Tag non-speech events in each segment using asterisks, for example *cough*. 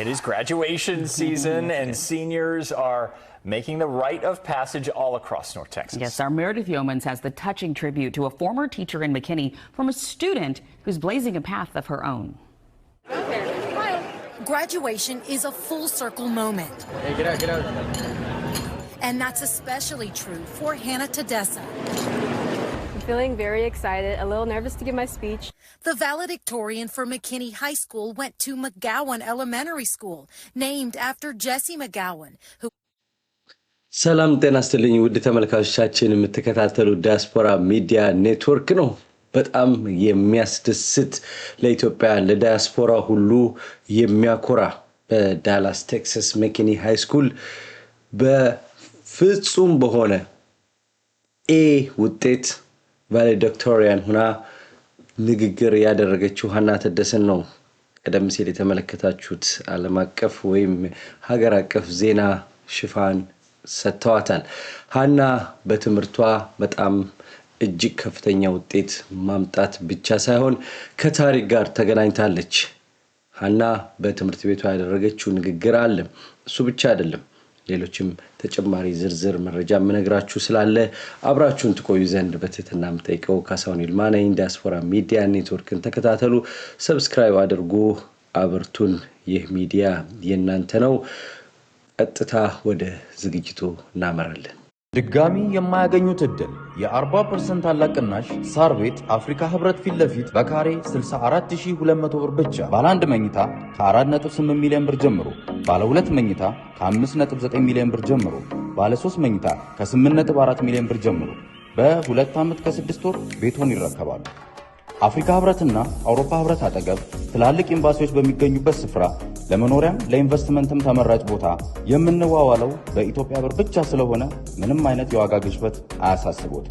It is graduation *laughs* season, and seniors are making the rite of passage all across North Texas. Yes, our Meredith Yeomans has the touching tribute to a former teacher in McKinney from a student who's blazing a path of her own. Graduation is a full circle moment. Hey, get out, get out. And that's especially true for Hannah Tedessa feeling very excited, a little nervous to give my speech. The valedictorian for McKinney High School went to McGowan Elementary School, named after Jesse McGowan, who ሰላም ጤና ስትልኝ ውድ ተመልካቾቻችን የምትከታተሉ ዲያስፖራ ሚዲያ ኔትወርክ ነው። በጣም የሚያስደስት ለኢትዮጵያ ለዲያስፖራ ሁሉ የሚያኮራ በዳላስ ቴክሳስ መኪኒ ሃይ ስኩል በፍጹም በሆነ ኤ ውጤት ቫሌዶክቶሪያን ሁና ንግግር ያደረገችው ሀና ተደሰን ነው። ቀደም ሲል የተመለከታችሁት ዓለም አቀፍ ወይም ሀገር አቀፍ ዜና ሽፋን ሰጥተዋታል። ሀና በትምህርቷ በጣም እጅግ ከፍተኛ ውጤት ማምጣት ብቻ ሳይሆን ከታሪክ ጋር ተገናኝታለች። ሀና በትምህርት ቤቷ ያደረገችው ንግግር አለ። እሱ ብቻ አይደለም። ሌሎችም ተጨማሪ ዝርዝር መረጃ የምነግራችሁ ስላለ አብራችሁን ትቆዩ ዘንድ በትህትና ምጠይቀው። ካሳሁን ይልማ ነኝ። ዲያስፖራ ሚዲያ ኔትወርክን ተከታተሉ፣ ሰብስክራይብ አድርጉ፣ አብርቱን። ይህ ሚዲያ የእናንተ ነው። ቀጥታ ወደ ዝግጅቱ እናመራለን። ድጋሚ የማያገኙት እድል የ40 ታላቅ ቅናሽ ሳር ቤት አፍሪካ ህብረት ፊት ለፊት በካሬ 64200 ብር ብቻ። ባለ አንድ መኝታ ከ48 ሚሊዮን ብር ጀምሮ፣ ባለ ሁለት መኝታ ከ59 ሚሊዮን ብር ጀምሮ፣ ባለ 3 መኝታ ከ84 ሚሊዮን ብር ጀምሮ በሁለት ዓመት ከስድስት ወር ቤቶን ይረከባሉ። አፍሪካ ህብረትና አውሮፓ ህብረት አጠገብ ትላልቅ ኤምባሲዎች በሚገኙበት ስፍራ ለመኖሪያም ለኢንቨስትመንትም ተመራጭ ቦታ የምንዋዋለው በኢትዮጵያ ብር ብቻ ስለሆነ ምንም አይነት የዋጋ ግሽበት አያሳስቦት።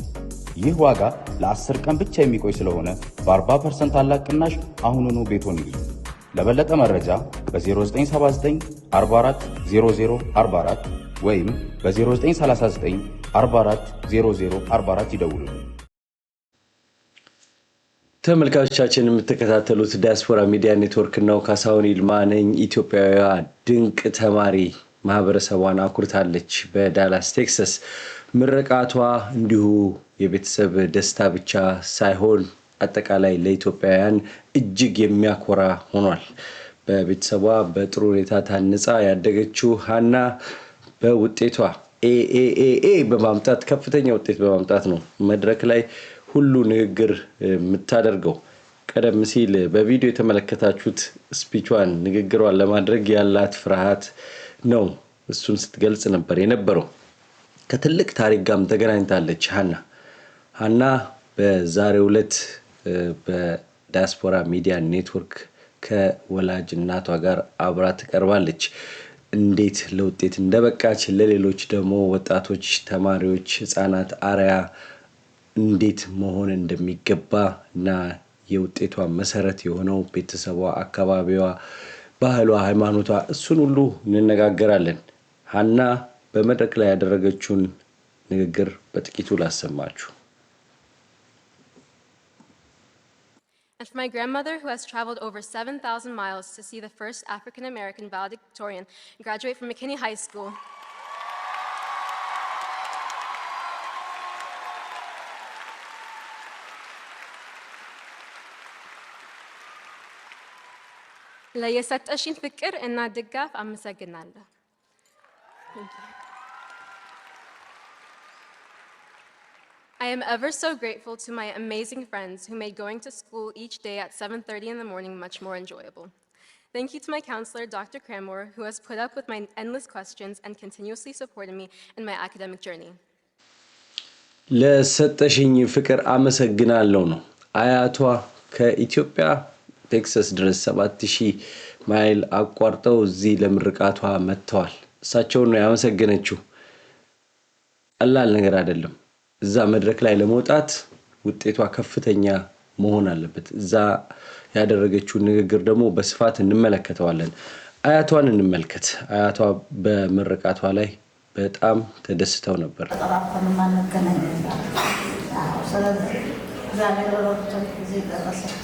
ይህ ዋጋ ለአስር ቀን ብቻ የሚቆይ ስለሆነ በ40 ፐርሰንት ታላቅ ቅናሽ አሁኑኑ ቤቶን ይዙ። ለበለጠ መረጃ በ0979 44 ወይም በ0939 44 ይደውሉልን። ተመልካቾቻችን የምትከታተሉት ዲያስፖራ ሚዲያ ኔትወርክ ነው። ካሳሁን ይልማ ነኝ። ኢትዮጵያዊዋ ድንቅ ተማሪ ማህበረሰቧን አኩርታለች። በዳላስ ቴክሳስ ምረቃቷ እንዲሁ የቤተሰብ ደስታ ብቻ ሳይሆን አጠቃላይ ለኢትዮጵያውያን እጅግ የሚያኮራ ሆኗል። በቤተሰቧ በጥሩ ሁኔታ ታንጻ ያደገችው ሀና በውጤቷ ኤኤኤኤ በማምጣት ከፍተኛ ውጤት በማምጣት ነው መድረክ ላይ ሁሉ ንግግር የምታደርገው ቀደም ሲል በቪዲዮ የተመለከታችሁት ስፒቿን ንግግሯን ለማድረግ ያላት ፍርሃት ነው። እሱን ስትገልጽ ነበር የነበረው። ከትልቅ ታሪክ ጋም ተገናኝታለች ሀና። ሀና በዛሬ ሁለት በዲያስፖራ ሚዲያ ኔትወርክ ከወላጅ እናቷ ጋር አብራ ትቀርባለች። እንዴት ለውጤት እንደበቃች ለሌሎች ደግሞ ወጣቶች፣ ተማሪዎች፣ ህፃናት አርያ እንዴት መሆን እንደሚገባ እና የውጤቷ መሰረት የሆነው ቤተሰቧ፣ አካባቢዋ፣ ባህሏ፣ ሃይማኖቷ እሱን ሁሉ እንነጋገራለን። ሀና በመድረክ ላይ ያደረገችውን ንግግር በጥቂቱ ላሰማችሁ። And for my grandmother, who has traveled over 7,000 miles to see the first African American valedictorian graduate from McKinney High School. ለየሰጠሽን ፍቅር እና ድጋፍ አመሰግናለሁ። I am ever so grateful to my amazing friends who made going to school each day at 7:30 in the morning much more enjoyable. Thank you to my counselor, Dr. Cranmore, who has put up with my endless questions and continuously supported me in my academic journey. ለሰጠሽኝ ፍቅር አመሰግናለሁ ነው አያቷ ከኢትዮጵያ ቴክሳስ ድረስ 7000 ማይል አቋርጠው እዚህ ለምርቃቷ መጥተዋል። እሳቸውን ነው ያመሰገነችው። ቀላል ነገር አይደለም። እዛ መድረክ ላይ ለመውጣት ውጤቷ ከፍተኛ መሆን አለበት። እዛ ያደረገችውን ንግግር ደግሞ በስፋት እንመለከተዋለን። አያቷን እንመልከት። አያቷ በምርቃቷ ላይ በጣም ተደስተው ነበር። ስለዚህ እግዚአብሔር ጊዜ ደረሰች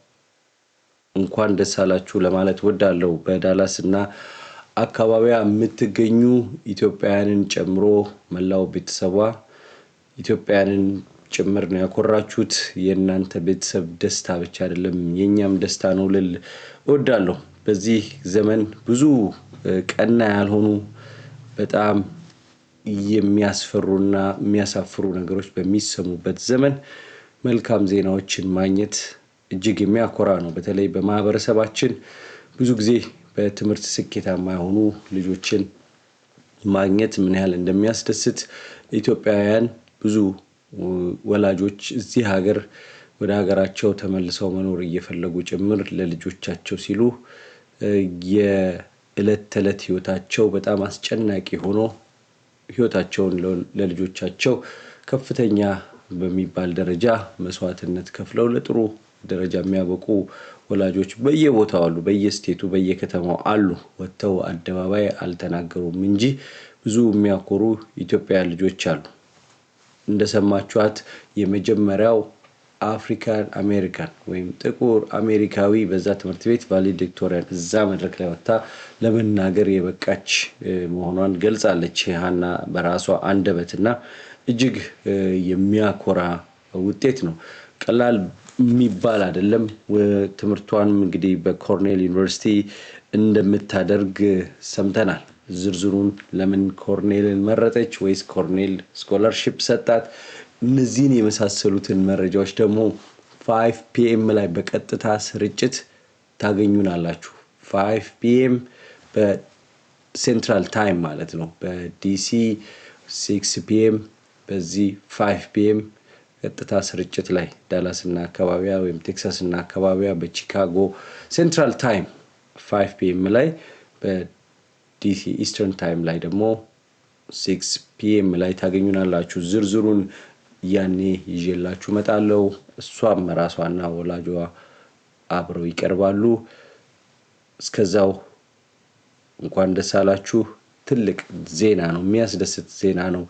እንኳን ደስ አላችሁ ለማለት ወዳለው በዳላስ እና አካባቢያ የምትገኙ ኢትዮጵያውያንን ጨምሮ መላው ቤተሰቧ ኢትዮጵያውያንን ጭምር ነው ያኮራችሁት። የእናንተ ቤተሰብ ደስታ ብቻ አይደለም የእኛም ደስታ ነው ልል እወዳለሁ። በዚህ ዘመን ብዙ ቀና ያልሆኑ በጣም የሚያስፈሩና የሚያሳፍሩ ነገሮች በሚሰሙበት ዘመን መልካም ዜናዎችን ማግኘት እጅግ የሚያኮራ ነው። በተለይ በማህበረሰባችን ብዙ ጊዜ በትምህርት ስኬታማ የሆኑ ልጆችን ማግኘት ምን ያህል እንደሚያስደስት ኢትዮጵያውያን ብዙ ወላጆች እዚህ ሀገር ወደ ሀገራቸው ተመልሰው መኖር እየፈለጉ ጭምር ለልጆቻቸው ሲሉ የዕለት ተዕለት ህይወታቸው በጣም አስጨናቂ ሆኖ ህይወታቸውን ለልጆቻቸው ከፍተኛ በሚባል ደረጃ መስዋዕትነት ከፍለው ለጥሩ ደረጃ የሚያበቁ ወላጆች በየቦታው አሉ፣ በየስቴቱ በየከተማው አሉ። ወጥተው አደባባይ አልተናገሩም እንጂ ብዙ የሚያኮሩ ኢትዮጵያ ልጆች አሉ። እንደሰማችኋት የመጀመሪያው አፍሪካን አሜሪካን ወይም ጥቁር አሜሪካዊ በዛ ትምህርት ቤት ቫሌዲክቶሪያን እዛ መድረክ ላይ ወጥታ ለመናገር የበቃች መሆኗን ገልጻለች። ሀና በራሷ አንደበትና እጅግ የሚያኮራ ውጤት ነው። ቀላል የሚባል አይደለም። ትምህርቷን እንግዲህ በኮርኔል ዩኒቨርሲቲ እንደምታደርግ ሰምተናል። ዝርዝሩን ለምን ኮርኔልን መረጠች ወይስ ኮርኔል ስኮላርሽፕ ሰጣት? እነዚህን የመሳሰሉትን መረጃዎች ደግሞ ፋይቭ ፒኤም ላይ በቀጥታ ስርጭት ታገኙናላችሁ። ፋይቭ ፒኤም በሴንትራል ታይም ማለት ነው። በዲሲ ሲክስ ፒኤም በዚህ ፋይቭ ፒኤም ቀጥታ ስርጭት ላይ ዳላስና አካባቢያ ወይም ቴክሳስና አካባቢያ በቺካጎ ሴንትራል ታይም 5 ፒኤም ላይ በዲሲ ኢስተርን ታይም ላይ ደግሞ 6 ፒኤም ላይ ታገኙናላችሁ። ዝርዝሩን ያኔ ይዤላችሁ መጣለው። እሷም ራሷና ወላጇ አብረው ይቀርባሉ። እስከዛው እንኳን ደስ አላችሁ። ትልቅ ዜና ነው፣ የሚያስደስት ዜና ነው።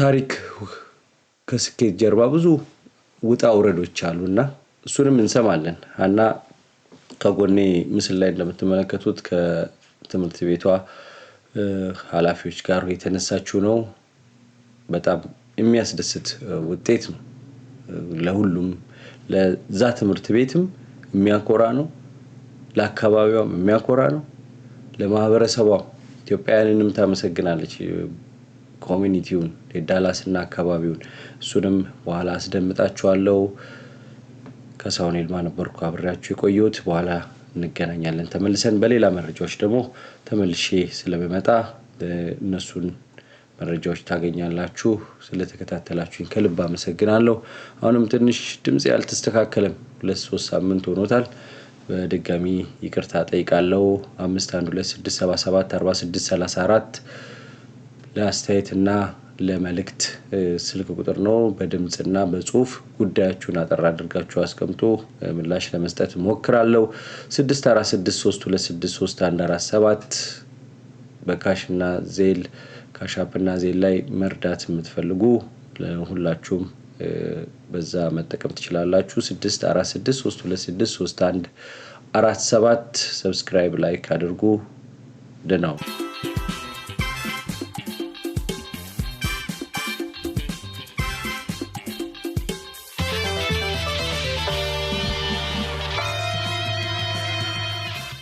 ታሪክ ከስኬት ጀርባ ብዙ ውጣ ውረዶች አሉና እሱንም እንሰማለን። እና ከጎኔ ምስል ላይ እንደምትመለከቱት ከትምህርት ቤቷ ኃላፊዎች ጋር የተነሳችው ነው። በጣም የሚያስደስት ውጤት ነው። ለሁሉም ለዛ ትምህርት ቤትም የሚያኮራ ነው። ለአካባቢዋም የሚያኮራ ነው። ለማህበረሰቧ ኢትዮጵያውያንንም ታመሰግናለች። ኮሚኒቲውን የዳላስና አካባቢውን እሱንም በኋላ አስደምጣችኋለሁ። ከሳሁን ኤልማ ነበርኩ አብሬያችሁ የቆየሁት። በኋላ እንገናኛለን ተመልሰን በሌላ መረጃዎች ደግሞ ተመልሼ ስለምመጣ እነሱን መረጃዎች ታገኛላችሁ። ስለተከታተላችሁኝ ከልብ አመሰግናለሁ። አሁንም ትንሽ ድምፅ ያልተስተካከለም ሁለት ሶስት ሳምንት ሆኖታል። በድጋሚ ይቅርታ ጠይቃለሁ። አምስት አንድ ሁለት ስድስት ሰባ ሰባት አርባ ስድስት ሰላሳ አራት ለአስተያየትና ለመልእክት ስልክ ቁጥር ነው። በድምፅና በጽሁፍ ጉዳያችሁን አጠር አድርጋችሁ አስቀምጦ ምላሽ ለመስጠት እሞክራለሁ። 6463263147 በካሽና ዜል ካሻፕና ዜል ላይ መርዳት የምትፈልጉ ሁላችሁም በዛ መጠቀም ትችላላችሁ። 6463263147 ሰብስክራይብ ላይክ አድርጉ። ደህና